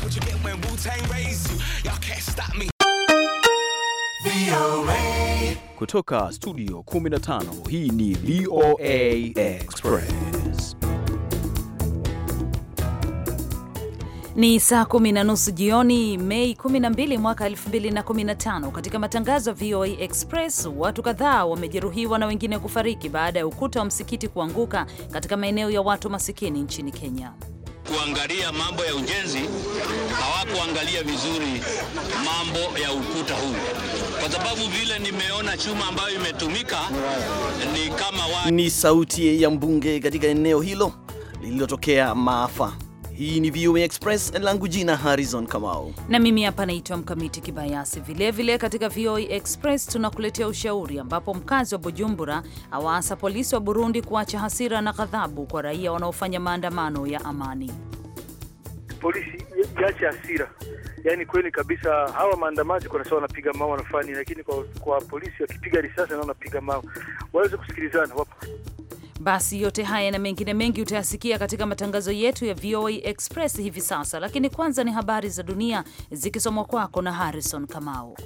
That's what you get when Wu-Tang raised you. Y'all can't stop me. Kutoka studio 15 hii ni VOA Express. Ni saa kumi na nusu jioni Mei 12 mwaka 2015. Katika matangazo ya VOA Express, watu kadhaa wamejeruhiwa na wengine kufariki baada ya ukuta wa msikiti kuanguka katika maeneo ya watu masikini nchini Kenya kuangalia mambo ya ujenzi, hawakuangalia vizuri mambo ya ukuta huu, kwa sababu vile nimeona chuma ambayo imetumika ni kama wa... ni sauti ya mbunge katika eneo hilo lililotokea maafa. Hii ni VOA Express, langu jina Harrison Kamau, na mimi hapa naitwa Mkamiti Kibayasi. Vilevile katika VOA Express tunakuletea ushauri, ambapo mkazi wa Bujumbura awaasa polisi wa Burundi kuacha hasira na ghadhabu kwa raia wanaofanya maandamano ya amani. Polisi iache hasira, yaani kweli kabisa, hawa maandamaji kuna saa wanapiga mawe wanafanya, lakini kwa, kwa polisi wakipiga risasi na wanapiga mawe waweze kusikilizana wapo basi yote haya na mengine mengi utayasikia katika matangazo yetu ya VOA Express hivi sasa, lakini kwanza ni habari za dunia zikisomwa kwako na Harrison Kamau.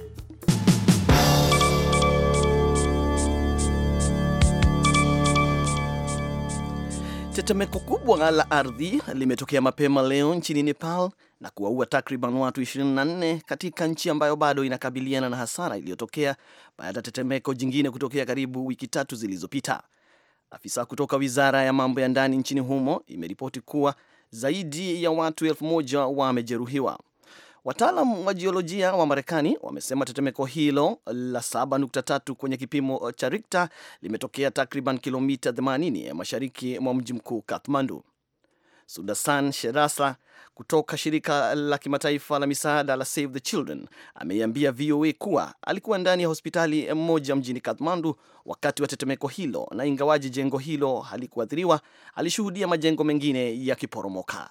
Tetemeko kubwa la ardhi limetokea mapema leo nchini Nepal na kuwaua takriban watu 24 katika nchi ambayo bado inakabiliana na hasara iliyotokea baada ya tetemeko jingine kutokea karibu wiki tatu zilizopita. Afisa kutoka wizara ya mambo ya ndani nchini humo imeripoti kuwa zaidi ya watu elfu moja wamejeruhiwa. Wataalam wa jiolojia wa Marekani wamesema tetemeko hilo la 7.3 kwenye kipimo cha Richter limetokea takriban kilomita 80 mashariki mwa mji mkuu Kathmandu. Sudasan Sherasa kutoka shirika la kimataifa la misaada la Save the Children ameiambia VOA kuwa alikuwa ndani ya hospitali mmoja mjini Kathmandu wakati wa tetemeko hilo, na ingawaji jengo hilo halikuathiriwa, alishuhudia majengo mengine yakiporomoka.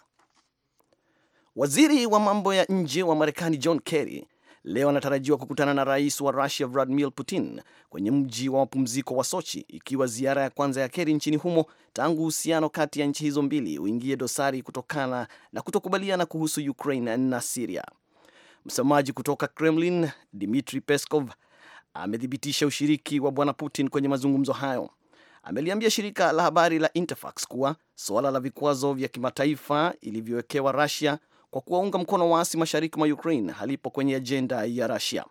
Waziri wa mambo ya nje wa Marekani John Kerry leo anatarajiwa kukutana na rais wa Russia Vladimir Putin kwenye mji wa mapumziko wa Sochi, ikiwa ziara ya kwanza ya keri nchini humo tangu uhusiano kati ya nchi hizo mbili uingie dosari kutokana na kutokubaliana kuhusu Ukraine na Siria. Msemaji kutoka Kremlin Dmitri Peskov amethibitisha ushiriki wa bwana Putin kwenye mazungumzo hayo. Ameliambia shirika la habari la Interfax kuwa suala la vikwazo vya kimataifa ilivyowekewa Russia kwa kuwaunga mkono waasi mashariki mwa Ukraine halipo kwenye ajenda ya Russia,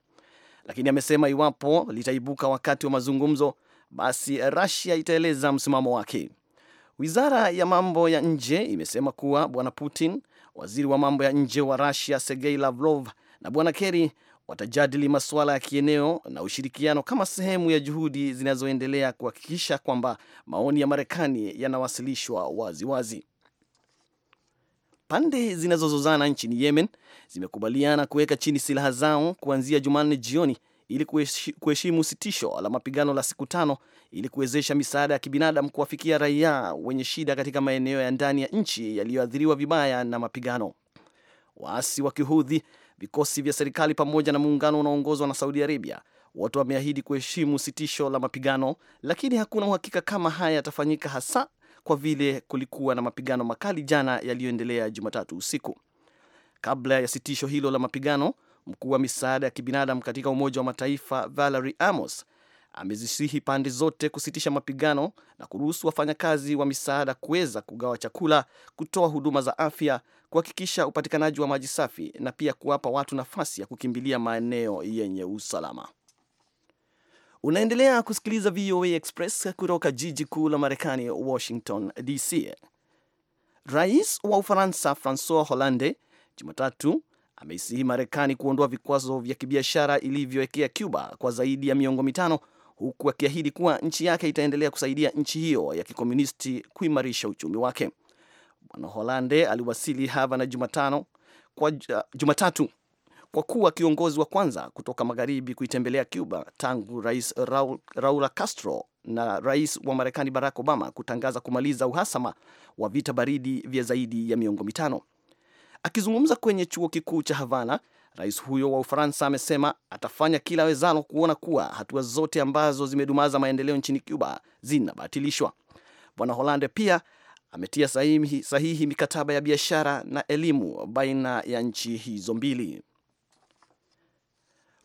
lakini amesema iwapo litaibuka wakati wa mazungumzo, basi Russia itaeleza msimamo wake. Wizara ya mambo ya nje imesema kuwa bwana Putin, waziri wa mambo ya nje wa Russia Sergei Lavrov na bwana Kerry watajadili masuala ya kieneo na ushirikiano kama sehemu ya juhudi zinazoendelea kuhakikisha kwamba maoni ya Marekani yanawasilishwa waziwazi. Pande zinazozozana nchini Yemen zimekubaliana kuweka chini silaha zao kuanzia Jumanne jioni ili kuheshimu sitisho la mapigano la siku tano ili kuwezesha misaada ya kibinadamu kuwafikia raia wenye shida katika maeneo ya ndani ya nchi yaliyoathiriwa vibaya na mapigano. Waasi wa Kihudhi, vikosi vya serikali pamoja na muungano unaoongozwa na Saudi Arabia wote wameahidi kuheshimu sitisho la mapigano, lakini hakuna uhakika kama haya yatafanyika, hasa kwa vile kulikuwa na mapigano makali jana yaliyoendelea Jumatatu usiku. Kabla ya sitisho hilo la mapigano, mkuu wa misaada ya kibinadamu katika Umoja wa Mataifa Valerie Amos amezisihi pande zote kusitisha mapigano na kuruhusu wafanyakazi wa misaada kuweza kugawa chakula, kutoa huduma za afya, kuhakikisha upatikanaji wa maji safi na pia kuwapa watu nafasi ya kukimbilia maeneo yenye usalama. Unaendelea kusikiliza VOA Express kutoka jiji kuu la Marekani, Washington DC. Rais wa Ufaransa Francois Hollande Jumatatu ameisihi Marekani kuondoa vikwazo vya kibiashara ilivyowekea Cuba kwa zaidi ya miongo mitano, huku akiahidi kuwa nchi yake itaendelea kusaidia nchi hiyo ya kikomunisti kuimarisha uchumi wake. Bwana Hollande aliwasili Havana Jumatano kwa uh, Jumatatu kwa kuwa kiongozi wa kwanza kutoka magharibi kuitembelea Cuba tangu Rais Raul, Castro na rais wa Marekani Barack Obama kutangaza kumaliza uhasama wa vita baridi vya zaidi ya miongo mitano. Akizungumza kwenye chuo kikuu cha Havana, rais huyo wa Ufaransa amesema atafanya kila wezalo kuona kuwa hatua zote ambazo zimedumaza maendeleo nchini Cuba zinabatilishwa. Bwana Holande pia ametia sahihi, sahihi mikataba ya biashara na elimu baina ya nchi hizo mbili.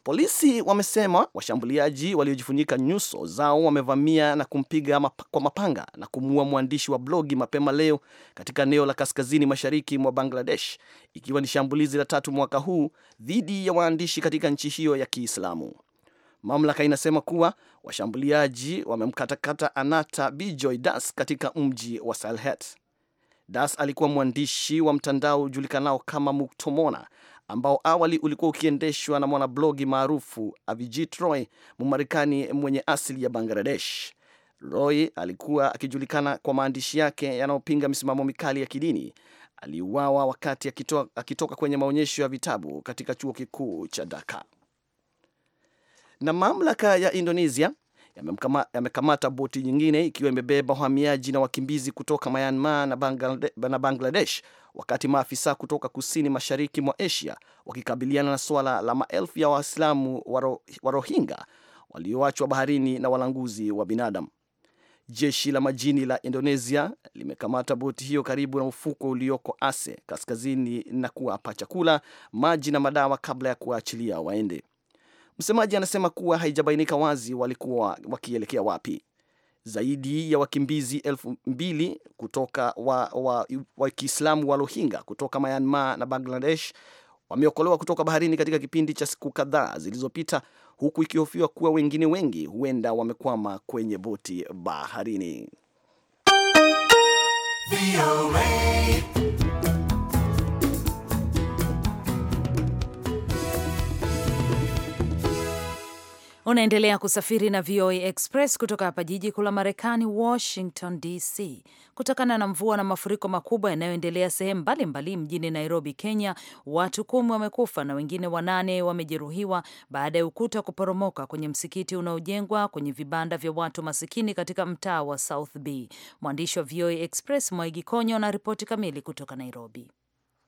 Polisi wamesema washambuliaji waliojifunika nyuso zao wamevamia na kumpiga map kwa mapanga na kumuua mwandishi wa blogi mapema leo katika eneo la kaskazini mashariki mwa Bangladesh, ikiwa ni shambulizi la tatu mwaka huu dhidi ya waandishi katika nchi hiyo ya Kiislamu. Mamlaka inasema kuwa washambuliaji wamemkatakata Anata Bijoy Das katika mji wa Salhet. Das alikuwa mwandishi wa mtandao ujulikanao kama Muktomona ambao awali ulikuwa ukiendeshwa na mwanablogi maarufu Avijit Roy, Mmarekani mwenye asili ya Bangladesh. Roy alikuwa akijulikana kwa maandishi yake yanayopinga misimamo mikali ya kidini. Aliuawa wakati akitoka, akitoka kwenye maonyesho ya vitabu katika chuo kikuu cha Dhaka. Na mamlaka ya Indonesia yamekamata boti nyingine ikiwa imebeba wahamiaji na wakimbizi kutoka Myanmar na Bangladesh, wakati maafisa kutoka kusini mashariki mwa Asia wakikabiliana na suala la maelfu ya Waislamu wa Rohingya walioachwa baharini na walanguzi wa binadamu. Jeshi la majini la Indonesia limekamata boti hiyo karibu na ufuko ulioko Aceh kaskazini na kuwapa chakula, maji na madawa kabla ya kuwaachilia waende. Msemaji anasema kuwa haijabainika wazi walikuwa wakielekea wapi. Zaidi ya wakimbizi elfu mbili kutoka wa, wa, wa Kiislamu wa Rohingya kutoka Myanmar na Bangladesh wameokolewa kutoka baharini katika kipindi cha siku kadhaa zilizopita, huku ikihofiwa kuwa wengine wengi huenda wamekwama kwenye boti baharini. Unaendelea kusafiri na VOA Express kutoka hapa jiji kuu la Marekani, Washington DC. Kutokana na mvua na mafuriko makubwa yanayoendelea sehemu mbalimbali mjini Nairobi, Kenya, watu kumi wamekufa na wengine wanane wamejeruhiwa baada ya ukuta kuporomoka kwenye msikiti unaojengwa kwenye vibanda vya watu masikini katika mtaa wa South B. Mwandishi wa VOA Express Mwaigi Konyo na ripoti kamili kutoka Nairobi.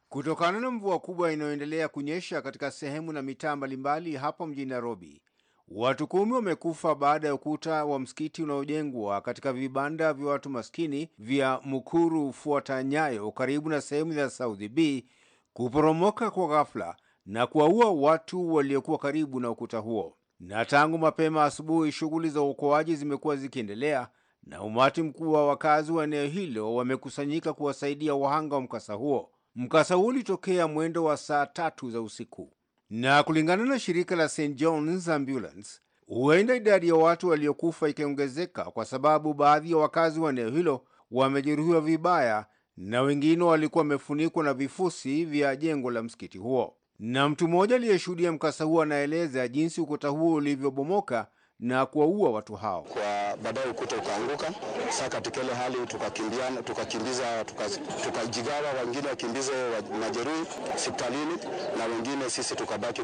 Kutokana na mvua kubwa inayoendelea kunyesha katika sehemu na mitaa mbalimbali hapa mjini Nairobi, Watu kumi wamekufa baada ya ukuta wa msikiti unaojengwa katika vibanda vya watu maskini vya Mukuru fuata Nyayo karibu na sehemu ya South B kuporomoka kwa ghafla na kuwaua watu waliokuwa karibu na ukuta huo. Na tangu mapema asubuhi, shughuli za uokoaji zimekuwa zikiendelea na umati mkubwa wa wakazi wa eneo hilo wamekusanyika kuwasaidia wahanga wa mkasa huo. Mkasa huo ulitokea mwendo wa saa tatu za usiku na kulingana na shirika la St John's Ambulance, huenda idadi ya watu waliokufa ikiongezeka kwa sababu baadhi ya wakazi wa eneo hilo wamejeruhiwa vibaya na wengine walikuwa wamefunikwa na vifusi vya jengo la msikiti huo. Na mtu mmoja aliyeshuhudia mkasa huo anaeleza jinsi ukuta huo ulivyobomoka na kuwaua watu hao. Kwa baadaye ukuta ukaanguka, saa katika ile hali tukakimbiana, tukakimbiza, tukajigawa, tuka wengine wakimbize majeruhi hospitalini na wengine sisi tukabaki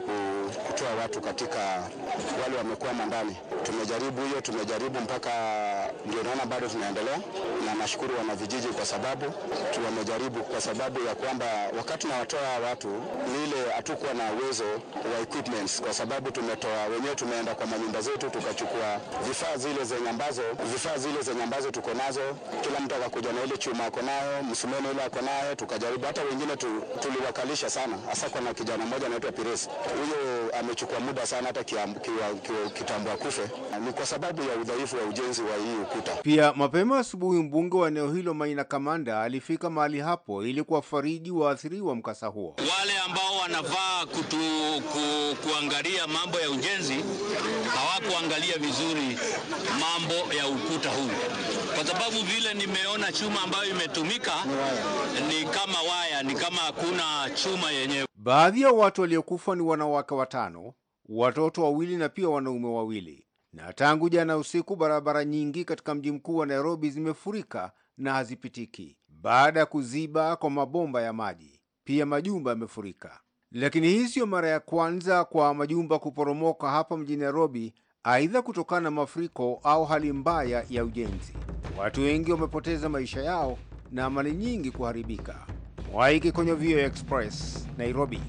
kutoa watu katika wale wamekwama ndani. Tumejaribu hiyo, tumejaribu mpaka ndio naona bado tunaendelea, na nashukuru wanavijiji kwa sababu wamejaribu, kwa sababu ya kwamba wakati nawatoa watu ni ile hatukuwa na uwezo wa equipments, kwa sababu tumetoa wenyewe, tumeenda kwa manyumba zetu tukachukua vifaa zile zenye ambazo vifaa zile zenye ambazo tuko nazo, kila mtu akakuja na ile chuma ako nayo, msumeno ile ako nayo, tukajaribu hata wengine tu, tuliwakalisha sana, hasa kwa na kijana mmoja anaitwa Pires huyo amechukua muda sana hata kitambo akufe, ni kwa sababu ya udhaifu wa ujenzi wa hii ukuta. Pia mapema asubuhi, mbunge wa eneo hilo Maina Kamanda alifika mahali hapo ili kuwafariji waathiriwa mkasa huo. Wale ambao wanavaa kutu, ku, kuangalia mambo ya ujenzi hawakuangalia vizuri mambo ya ukuta huu, kwa sababu vile nimeona chuma ambayo imetumika ni kama waya, ni kama hakuna chuma yenyewe. Baadhi ya watu waliokufa ni wanawake watano, watoto wawili na pia wanaume wawili. Na tangu jana usiku, barabara nyingi katika mji mkuu wa Nairobi zimefurika na hazipitiki baada ya kuziba kwa mabomba ya maji. Pia majumba yamefurika, lakini hii siyo mara ya kwanza kwa majumba kuporomoka hapa mjini Nairobi, aidha kutokana na mafuriko au hali mbaya ya ujenzi. Watu wengi wamepoteza maisha yao na mali nyingi kuharibika. Waiki kwenye VOA Express Nairobi.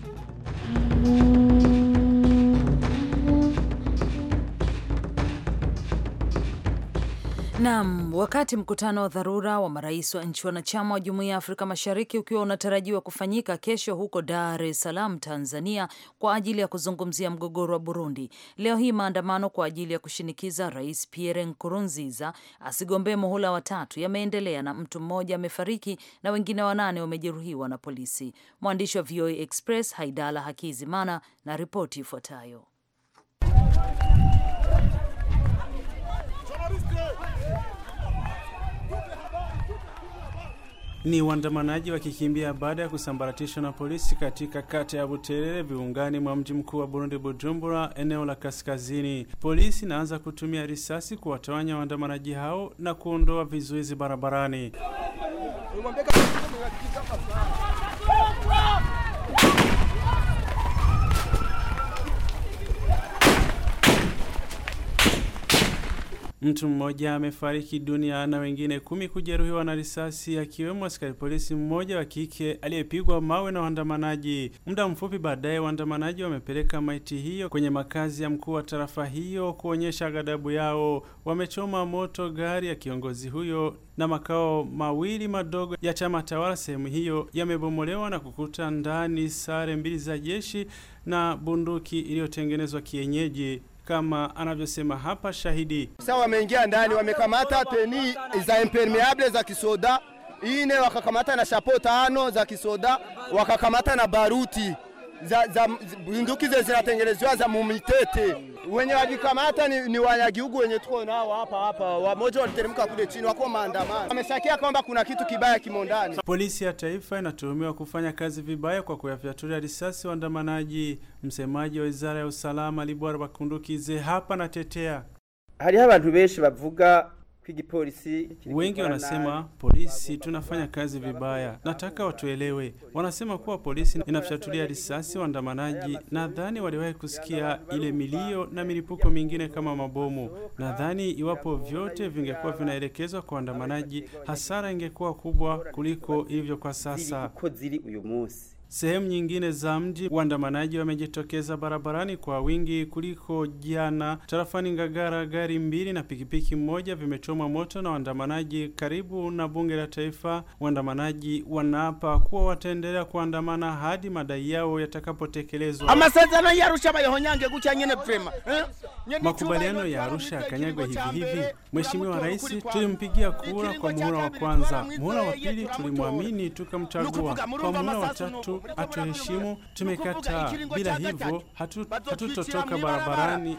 Naam, wakati mkutano wa dharura wa marais wa nchi wanachama wa Jumuiya ya Afrika Mashariki ukiwa unatarajiwa kufanyika kesho huko Dar es Salaam, Tanzania, kwa ajili ya kuzungumzia mgogoro wa Burundi, leo hii maandamano kwa ajili ya kushinikiza Rais Pierre Nkurunziza asigombee muhula watatu yameendelea na mtu mmoja amefariki na wengine wanane wamejeruhiwa na polisi. Mwandishi wa VOA Express Haidala Hakizimana na ripoti ifuatayo. Ni waandamanaji wakikimbia baada ya kusambaratishwa na polisi katika kata ya Buterere viungani mwa mji mkuu wa Burundi Bujumbura, eneo la kaskazini. Polisi inaanza kutumia risasi kuwatawanya waandamanaji hao na kuondoa vizuizi barabarani. Mtu mmoja amefariki dunia na wengine kumi kujeruhiwa na risasi, akiwemo askari polisi mmoja wa kike aliyepigwa mawe na waandamanaji. Muda mfupi baadaye, waandamanaji wamepeleka maiti hiyo kwenye makazi ya mkuu wa tarafa hiyo kuonyesha ghadhabu yao. Wamechoma moto gari ya kiongozi huyo na makao mawili madogo ya chama tawala sehemu hiyo yamebomolewa na kukuta ndani sare mbili za jeshi na bunduki iliyotengenezwa kienyeji kama anavyosema hapa shahidi. Sasa wameingia ndani, wamekamata teni za impermeable za kisoda ine, wakakamata na shapo tano za kisoda, wakakamata na baruti za, za, bunduki ze za mumitete. Wenye wajikamata ni, ni wanyagihugu wenye tuko nao hapa hapa, wamoja waliteremka kule chini, wako maandamano, wameshakia kwamba kuna kitu kibaya kimo ndani. Polisi ya taifa inatuhumiwa kufanya kazi vibaya kwa kuyafyatulia risasi waandamanaji. Msemaji wa wizara ya usalama Bakunduki ze hapa natetea hariho abantu benshi bavuga Wengi wanasema polisi tunafanya kazi vibaya. Nataka watuelewe. Wanasema kuwa polisi inafyatulia risasi waandamanaji. Nadhani waliwahi kusikia ile milio na milipuko mingine kama mabomu. Nadhani iwapo vyote vingekuwa vinaelekezwa kwa waandamanaji, hasara ingekuwa kubwa kuliko hivyo kwa sasa. Sehemu nyingine za mji waandamanaji wamejitokeza barabarani kwa wingi kuliko jana. Tarafani Ngagara, gari mbili na pikipiki moja vimechomwa moto na waandamanaji karibu na bunge la taifa. Waandamanaji wanaapa kuwa wataendelea kuandamana hadi madai yao yatakapotekelezwa. amasezerano ya Arusha nyene prema eh? makubaliano ya Arusha yakanyagwa hivi hivi. Mheshimiwa Rais tulimpigia kura kwa muhula wa kwanza, muhula wa pili tulimwamini tukamchagua, kwa muhula wa tatu atuheshimu. Tumekataa, bila hivyo hatutotoka barabarani,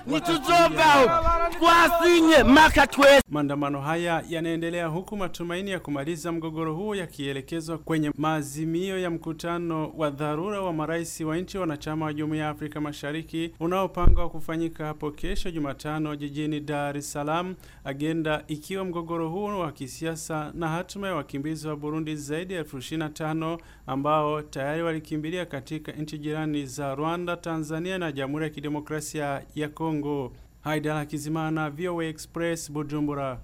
maandamano haya yanaendelea, huku matumaini ya kumaliza mgogoro huo yakielekezwa kwenye maazimio ya mkutano wa dharura wa marais wa nchi wanachama wa Jumuiya ya Afrika Mashariki unaopangwa kufanyika hapo kesho Jumatano jijini Dar es Salaam, agenda ikiwa mgogoro huo wa kisiasa na hatima ya wakimbizi wa Burundi zaidi ya elfu ishirini na tano ambao tayari walikimbilia katika nchi jirani za Rwanda, Tanzania na Jamhuri ya Kidemokrasia ya Kongo. Haidala Kizimana, VOA Express, Bujumbura.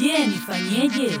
Je, nifanyeje?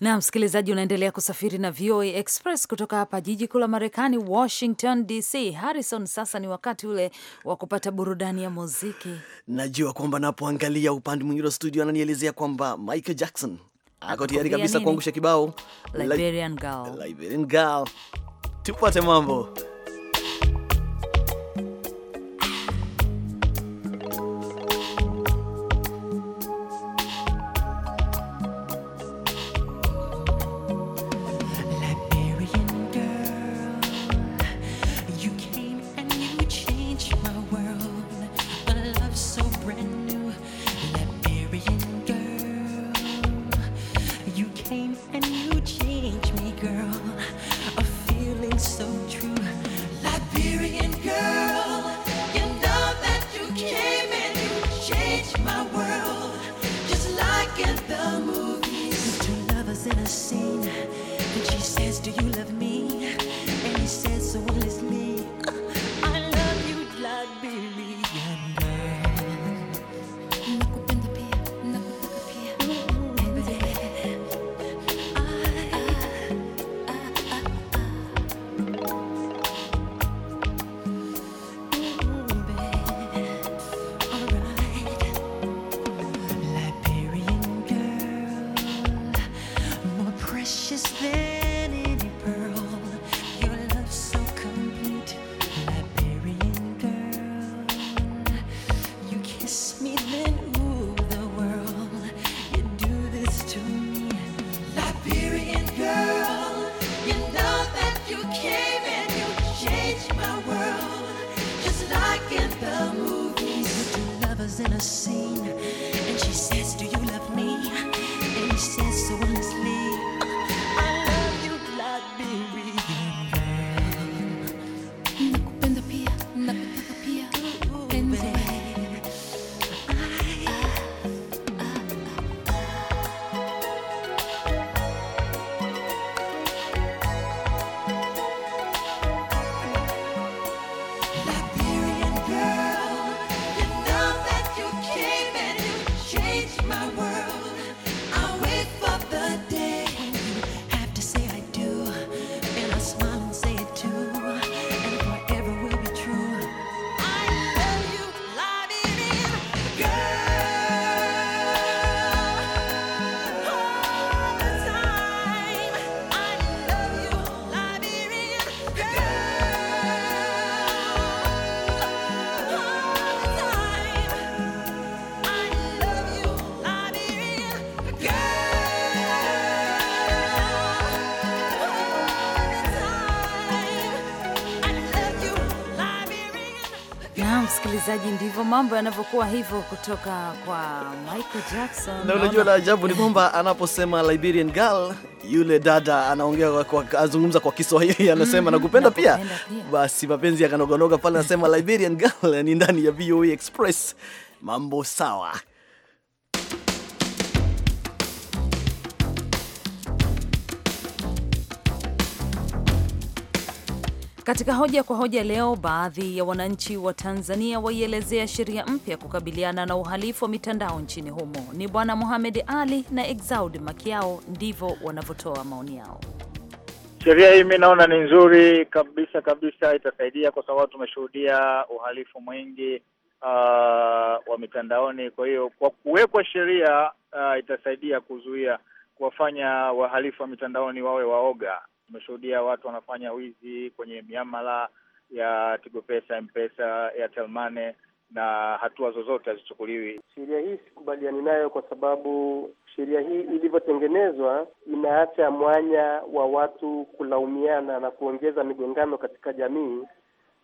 Na msikilizaji, unaendelea kusafiri na VOA Express kutoka hapa jiji kuu la Marekani, Washington DC. Harrison, sasa ni wakati ule wa kupata burudani ya muziki. Najua kwamba napoangalia upande mwingine wa studio ananielezea kwamba Michael Jackson ako tayari kabisa kuangusha kibao Liberian Girl. Liberian Girl, tupate mambo msikilizaji, ndivyo mambo yanavyokuwa hivyo kutoka kwa Michael Jackson. Na unajua la ajabu ni kwamba anaposema Liberian Girl, yule dada anaongea kwa, azungumza kwa Kiswahili anasema mm, nakupenda pia. pia basi mapenzi yakanogonoga pale, anasema Liberian Girl ni ndani ya VOA e Express, mambo sawa. Katika hoja kwa hoja leo, baadhi ya wananchi wa Tanzania waielezea sheria mpya kukabiliana na uhalifu wa mitandao nchini humo. Ni Bwana muhamed Ali na Exaud Makiao, ndivyo wanavyotoa maoni yao. Sheria hii mi naona ni nzuri kabisa kabisa, itasaidia kwa sababu tumeshuhudia uhalifu mwingi uh, wa mitandaoni. Kwa hiyo kwa kuwekwa sheria uh, itasaidia kuzuia kuwafanya wahalifu wa mitandaoni wawe waoga Tumeshuhudia watu wanafanya wizi kwenye miamala ya Tigo Pesa, Mpesa, Airtel Money na hatua zozote hazichukuliwi. Sheria hii sikubaliani nayo kwa sababu sheria hii ilivyotengenezwa inaacha mwanya wa watu kulaumiana na kuongeza migongano katika jamii,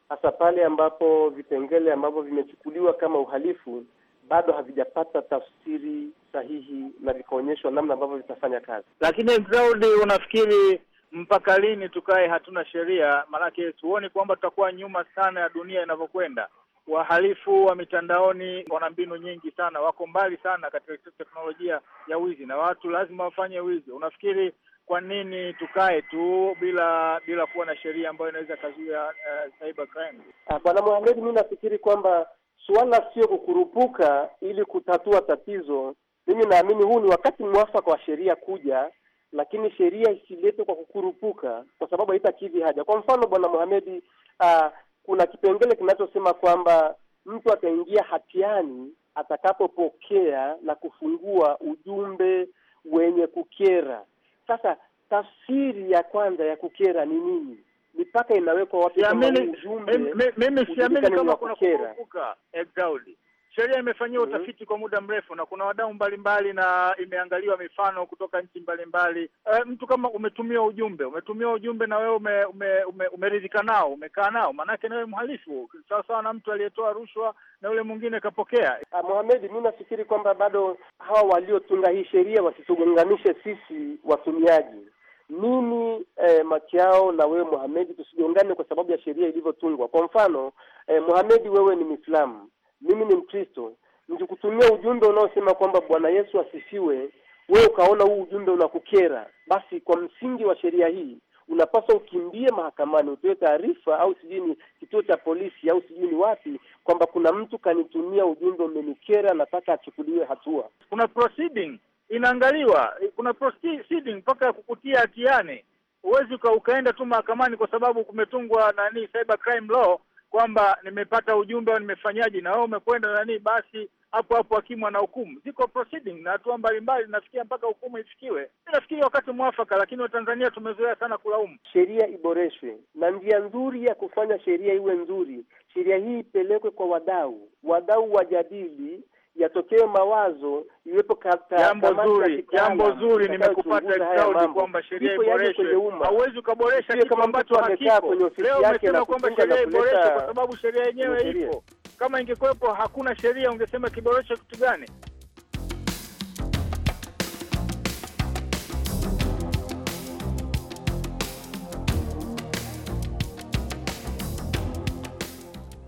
hasa pale ambapo vipengele ambavyo vimechukuliwa kama uhalifu bado havijapata tafsiri sahihi na vikaonyeshwa namna ambavyo vitafanya kazi. Lakini Daudi, unafikiri mpaka lini tukae hatuna sheria? Maanake tuoni kwamba tutakuwa nyuma sana ya dunia inavyokwenda. Wahalifu wa mitandaoni wana mbinu nyingi sana, wako mbali sana katika teknolojia ya wizi, na watu lazima wafanye wizi. Unafikiri kwa nini tukae tu bila bila kuwa na sheria ambayo inaweza kazuia uh, eh, cyber crime? Ah, Bwana Mohamed, mi nafikiri kwamba suala sio kukurupuka ili kutatua tatizo. Mimi naamini huu ni wakati mwafaka wa sheria kuja lakini sheria isiletwe kwa kukurupuka, kwa sababu haitakidhi haja. Kwa mfano, bwana Mohamedi, uh, kuna kipengele kinachosema kwamba mtu ataingia hatiani atakapopokea na kufungua ujumbe wenye kukera. Sasa tafsiri ya kwanza ya kukera ni nini? Mipaka inawekwa wapi? Kama ujumbe mimi siamini kama kuna kurupuka Exaudi eh, Sheria imefanyiwa mm-hmm. utafiti mm -hmm. kwa muda mrefu na kuna wadau mbalimbali na imeangaliwa mifano kutoka nchi mbalimbali. E, mtu kama umetumia ujumbe umetumia ujumbe na wewe ume, ume, ume, umeridhika nao umekaa nao, maanake nawe mhalifu sawasawa na mtu aliyetoa rushwa na yule mwingine kapokea. Ah, mi nafikiri kwamba bado hawa waliotunga hii sheria wasitugonganishe sisi watumiaji mimi eh, Makiao na wewe Mohamedi, tusijongane kwa sababu ya sheria ilivyotungwa. Kwa mfano eh, Mohamedi, wewe ni Muislamu, mimi ni Mkristo, nikikutumia ujumbe unaosema kwamba Bwana Yesu asifiwe, wewe ukaona huu ujumbe unakukera, basi kwa msingi wa sheria hii unapaswa ukimbie mahakamani, utoe taarifa, au sijui ni kituo cha polisi, au sijui ni wapi, kwamba kuna mtu kanitumia ujumbe umenikera, nataka achukuliwe hatua. Kuna proceeding inaangaliwa, kuna proceeding mpaka ya kukutia hatiani. Huwezi ukaenda tu mahakamani kwa sababu kumetungwa nani, cyber crime law kwamba nimepata ujumbe au nimefanyaje na wewe umekwenda nani, basi hapo hapo hakimu ana hukumu. Ziko proceeding na hatua mbalimbali zinafikia mpaka hukumu ifikiwe. Nafikiri wakati mwafaka, lakini Watanzania tumezoea sana kulaumu. Sheria iboreshwe, na njia nzuri ya kufanya sheria iwe nzuri, sheria hii ipelekwe kwa wadau, wadau wajadili yatokee mawazo iwepo jambo zuri, jambo zuri. Nimekupata Exaudi kwamba sheria iboreshwe. Hauwezi ukaboresha kitu ambacho hakipo. Leo umesema kwamba sheria iboreshwe kwa sababu sheria yenyewe ipo. Kama ingekuwepo hakuna sheria, ungesema kiboreshe kitu gani?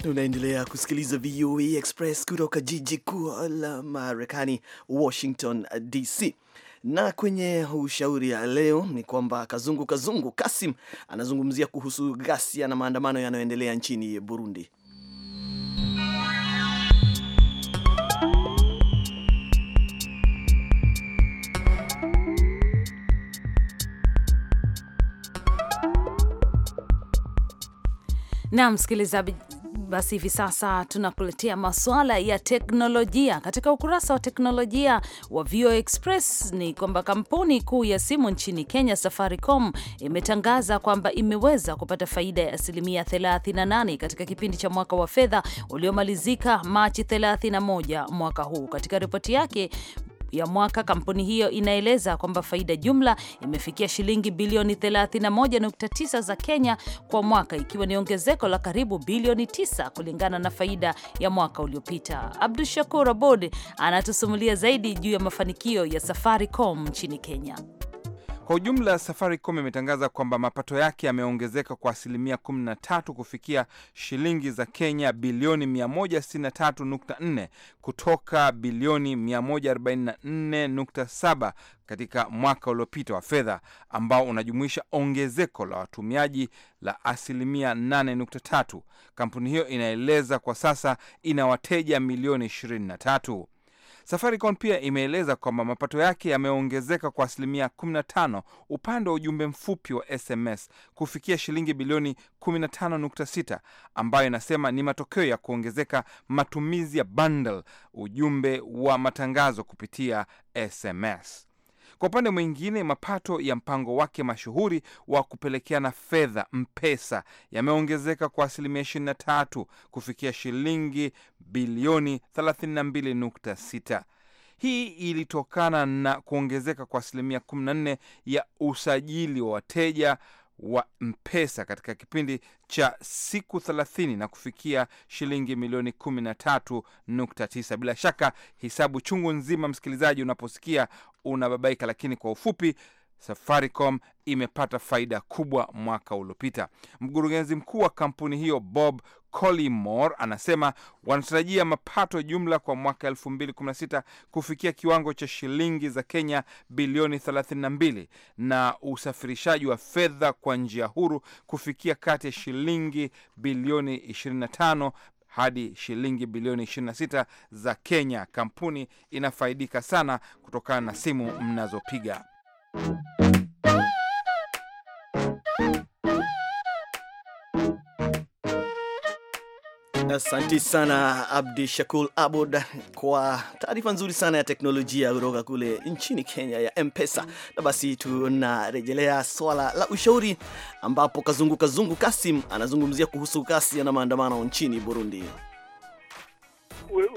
Unaendelea kusikiliza VOA Express kutoka jiji kuu la Marekani, Washington DC. Na kwenye ushauri ya leo ni kwamba Kazungu Kazungu Kasim anazungumzia kuhusu ghasia na maandamano yanayoendelea nchini Burundi. Na msikilizaji basi hivi sasa tunakuletea masuala ya teknolojia katika ukurasa wa teknolojia wa VOA Express. Ni kwamba kampuni kuu ya simu nchini Kenya, Safaricom, imetangaza kwamba imeweza kupata faida ya asilimia 38 katika kipindi cha mwaka wa fedha uliomalizika Machi 31 mwaka huu. Katika ripoti yake ya mwaka, kampuni hiyo inaeleza kwamba faida jumla imefikia shilingi bilioni 31.9 za Kenya kwa mwaka, ikiwa ni ongezeko la karibu bilioni 9 kulingana na faida ya mwaka uliopita. Abdu Shakur Abod anatusimulia zaidi juu ya mafanikio ya Safaricom nchini Kenya. Kwa ujumla, Safaricom imetangaza kwamba mapato yake yameongezeka kwa asilimia 13 kufikia shilingi za Kenya bilioni 163.4 kutoka bilioni 144.7 katika mwaka uliopita wa fedha ambao unajumuisha ongezeko la watumiaji la asilimia 8.3. Kampuni hiyo inaeleza kwa sasa ina wateja milioni 23. Safaricom pia imeeleza kwamba mapato yake yameongezeka kwa asilimia 15 upande wa ujumbe mfupi wa SMS kufikia shilingi bilioni 15.6, ambayo inasema ni matokeo ya kuongezeka matumizi ya bundle, ujumbe wa matangazo kupitia SMS. Kwa upande mwingine, mapato ya mpango wake mashuhuri wa kupelekeana fedha Mpesa yameongezeka kwa asilimia 23 kufikia shilingi bilioni 32.6. Hii ilitokana na kuongezeka kwa asilimia 14 ya usajili wa wateja wa mpesa katika kipindi cha siku thelathini na kufikia shilingi milioni kumi na tatu nukta tisa. Bila shaka hisabu chungu nzima, msikilizaji, unaposikia unababaika, lakini kwa ufupi Safaricom imepata faida kubwa mwaka uliopita. Mkurugenzi mkuu wa kampuni hiyo Bob Collymore anasema wanatarajia mapato jumla kwa mwaka 2016 kufikia kiwango cha shilingi za Kenya bilioni 32 na usafirishaji wa fedha kwa njia huru kufikia kati ya shilingi bilioni 25 hadi shilingi bilioni 26 za Kenya. Kampuni inafaidika sana kutokana na simu mnazopiga. Asanti sana Abdi Shakur Abud kwa taarifa nzuri sana ya teknolojia kutoka kule nchini Kenya ya Mpesa. Na basi tunarejelea swala la ushauri, ambapo Kazungu Kazungu Kasim anazungumzia kuhusu kasi na maandamano nchini Burundi.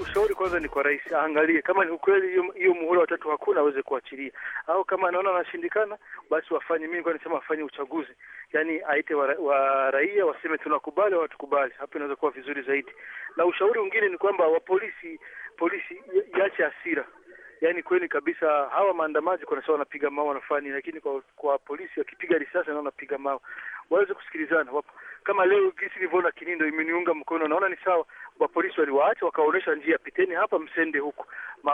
Ushauri kwanza ni kwa rais, aangalie kama ni ukweli hiyo muhula watatu hakuna, aweze kuachilia, au kama anaona anashindikana, basi wafanye mimi kwa nisema wafanye uchaguzi, yaani aite wa, raia waseme tunakubali au hatukubali. Hapo inaweza kuwa vizuri zaidi. Na ushauri mwingine ni kwamba wa polisi polisi iache hasira yani kweli kabisa hawa maandamaji kuna saa wanapiga mawe wanafanya, lakini kwa, kwa polisi wakipiga risasi naona wanapiga mawe waweze kusikilizana wapo. Kama leo gisi nilivyoona Kinindo imeniunga mkono, naona ni sawa. Wa polisi waliwaacha wakaonyesha njia, piteni hapa msende huko,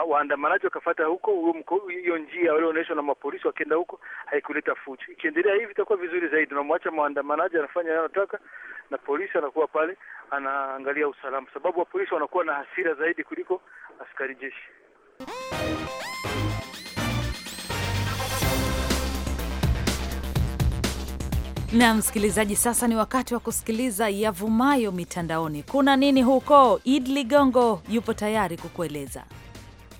waandamanaji wakafata huko hiyo njia walioonyeshwa na mapolisi, wakienda huko haikuleta fujo. Ikiendelea hivi itakuwa vizuri zaidi, unamwacha maandamanaji anafanya anayotaka na polisi anakuwa pale anaangalia usalama, sababu wa polisi wanakuwa na hasira zaidi kuliko askari jeshi. na msikilizaji, sasa ni wakati wa kusikiliza yavumayo mitandaoni. Kuna nini huko? Id Ligongo yupo tayari kukueleza.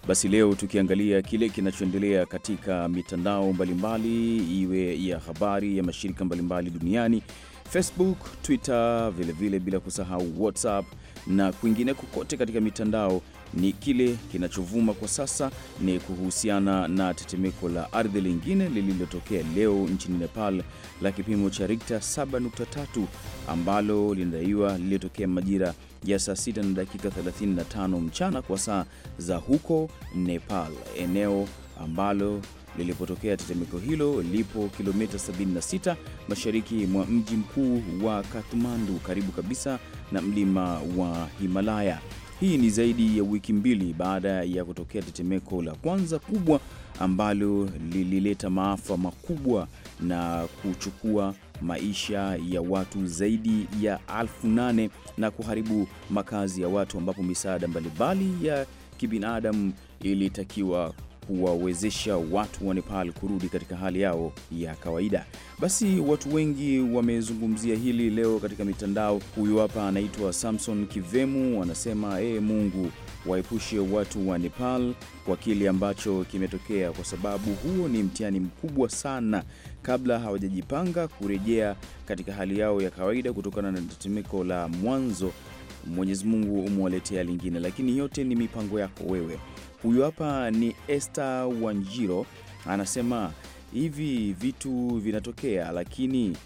Basi leo tukiangalia kile kinachoendelea katika mitandao mbalimbali, iwe ya habari ya mashirika mbalimbali duniani, Facebook, Twitter, vilevile bila kusahau WhatsApp na kwingine kokote katika mitandao ni kile kinachovuma kwa sasa ni kuhusiana na tetemeko la ardhi lingine lililotokea leo nchini Nepal la kipimo cha rikta 7.3 ambalo linadaiwa lililotokea majira ya saa 6 na dakika 35 mchana kwa saa za huko Nepal. Eneo ambalo lilipotokea tetemeko hilo lipo kilomita 76 mashariki mwa mji mkuu wa Kathmandu, karibu kabisa na mlima wa Himalaya. Hii ni zaidi ya wiki mbili baada ya kutokea tetemeko la kwanza kubwa ambalo lilileta maafa makubwa na kuchukua maisha ya watu zaidi ya elfu nane na kuharibu makazi ya watu ambapo misaada mbalimbali ya kibinadamu ilitakiwa kuwawezesha watu wa Nepal kurudi katika hali yao ya kawaida. Basi watu wengi wamezungumzia hili leo katika mitandao. Huyu hapa anaitwa Samson Kivemu, anasema ee, Mungu waepushe watu wa Nepal kwa kile ambacho kimetokea, kwa sababu huo ni mtihani mkubwa sana kabla hawajajipanga kurejea katika hali yao ya kawaida kutokana na tetemeko la mwanzo. Mwenyezi Mungu umewaletea lingine, lakini yote ni mipango yako wewe. Huyu hapa ni Esther Wanjiro anasema hivi vitu vinatokea, lakini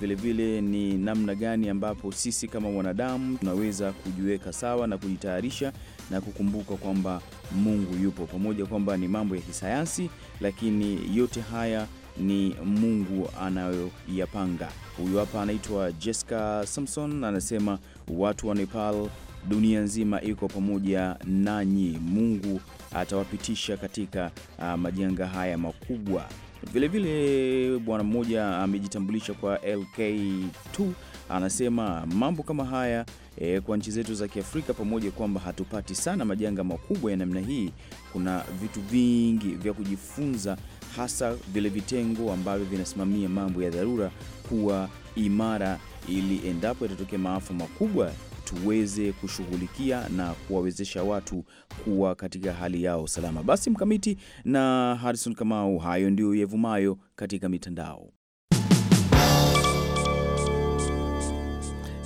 vilevile ah, uh, ni namna gani ambapo sisi kama wanadamu tunaweza kujiweka sawa na kujitayarisha na kukumbuka kwamba Mungu yupo pamoja, kwamba ni mambo ya kisayansi, lakini yote haya ni Mungu anayoyapanga. Huyu hapa anaitwa Jessica Samson anasema watu wa Nepal dunia nzima iko pamoja nanyi. Mungu atawapitisha katika uh, majanga haya makubwa. Vilevile bwana mmoja amejitambulisha kwa LK2 anasema mambo kama haya e, kwa nchi zetu za Kiafrika pamoja kwamba hatupati sana majanga makubwa ya namna hii. Kuna vitu vingi vya kujifunza, hasa vile vitengo ambavyo vinasimamia mambo ya dharura kuwa imara, ili endapo yatatokea maafa makubwa tuweze kushughulikia na kuwawezesha watu kuwa katika hali yao salama. Basi Mkamiti na Harrison Kamau, hayo ndiyo yevumayo katika mitandao.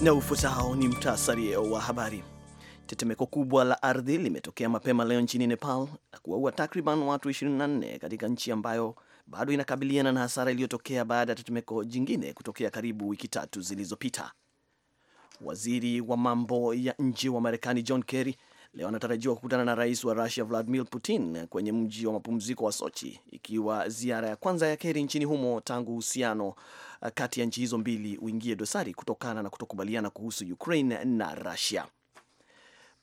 Na ufuatao ni mtasari wa habari. Tetemeko kubwa la ardhi limetokea mapema leo nchini Nepal na kuwaua takriban watu 24 katika nchi ambayo bado inakabiliana na hasara iliyotokea baada ya tetemeko jingine kutokea karibu wiki tatu zilizopita. Waziri wa mambo ya nje wa Marekani John Kerry leo anatarajiwa kukutana na rais wa Rusia Vladimir Putin kwenye mji wa mapumziko wa Sochi, ikiwa ziara ya kwanza ya Kerry nchini humo tangu uhusiano uh, kati ya nchi hizo mbili uingie dosari kutokana na kutokubaliana kuhusu Ukraine na Rusia.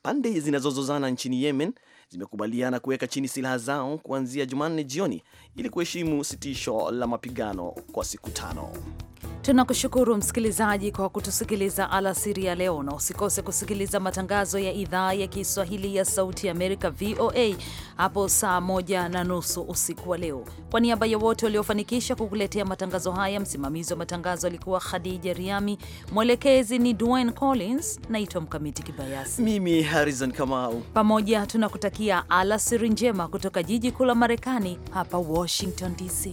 Pande zinazozozana nchini Yemen zimekubaliana kuweka chini silaha zao kuanzia Jumanne jioni ili kuheshimu sitisho la mapigano kwa siku tano. Tunakushukuru msikilizaji kwa kutusikiliza alasiri ya leo, na usikose kusikiliza matangazo ya idhaa ya Kiswahili ya Sauti ya Amerika, VOA, hapo saa moja na nusu usiku wa leo. Kwa niaba ya wote waliofanikisha kukuletea matangazo haya, msimamizi wa matangazo alikuwa Khadija Riami, mwelekezi ni Dwayne Collins, naitwa Mkamiti Kibayasi, mimi Harrison Kamau. Pamoja tunakutakia alasiri njema kutoka jiji kuu la Marekani, hapa Washington DC.